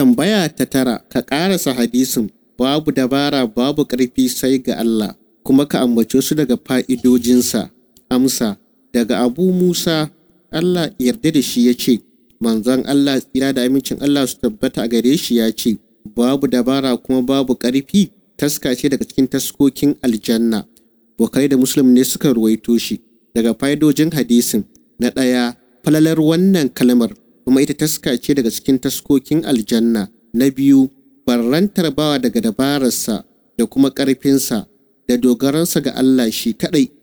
tambaya ta tara ka ƙarasa hadisin babu dabara babu ƙarfi sai ga Allah kuma ka ambace su daga fa'idojinsa amsa daga abu Musa Allah yarda da shi ya ce manzon Allah tsira da amincin Allah su tabbata a gare shi ya ce babu dabara kuma babu ƙarfi taska ce daga cikin taskokin aljanna Bukai da Muslim ne suka ruwaito shi daga fa'idojin hadisin na ɗaya falalar wannan kalmar kuma ita taska ce daga cikin taskokin aljanna na biyu barantar bawa daga dabararsa da kuma ƙarfinsa da dogaransa ga Allah shi kaɗai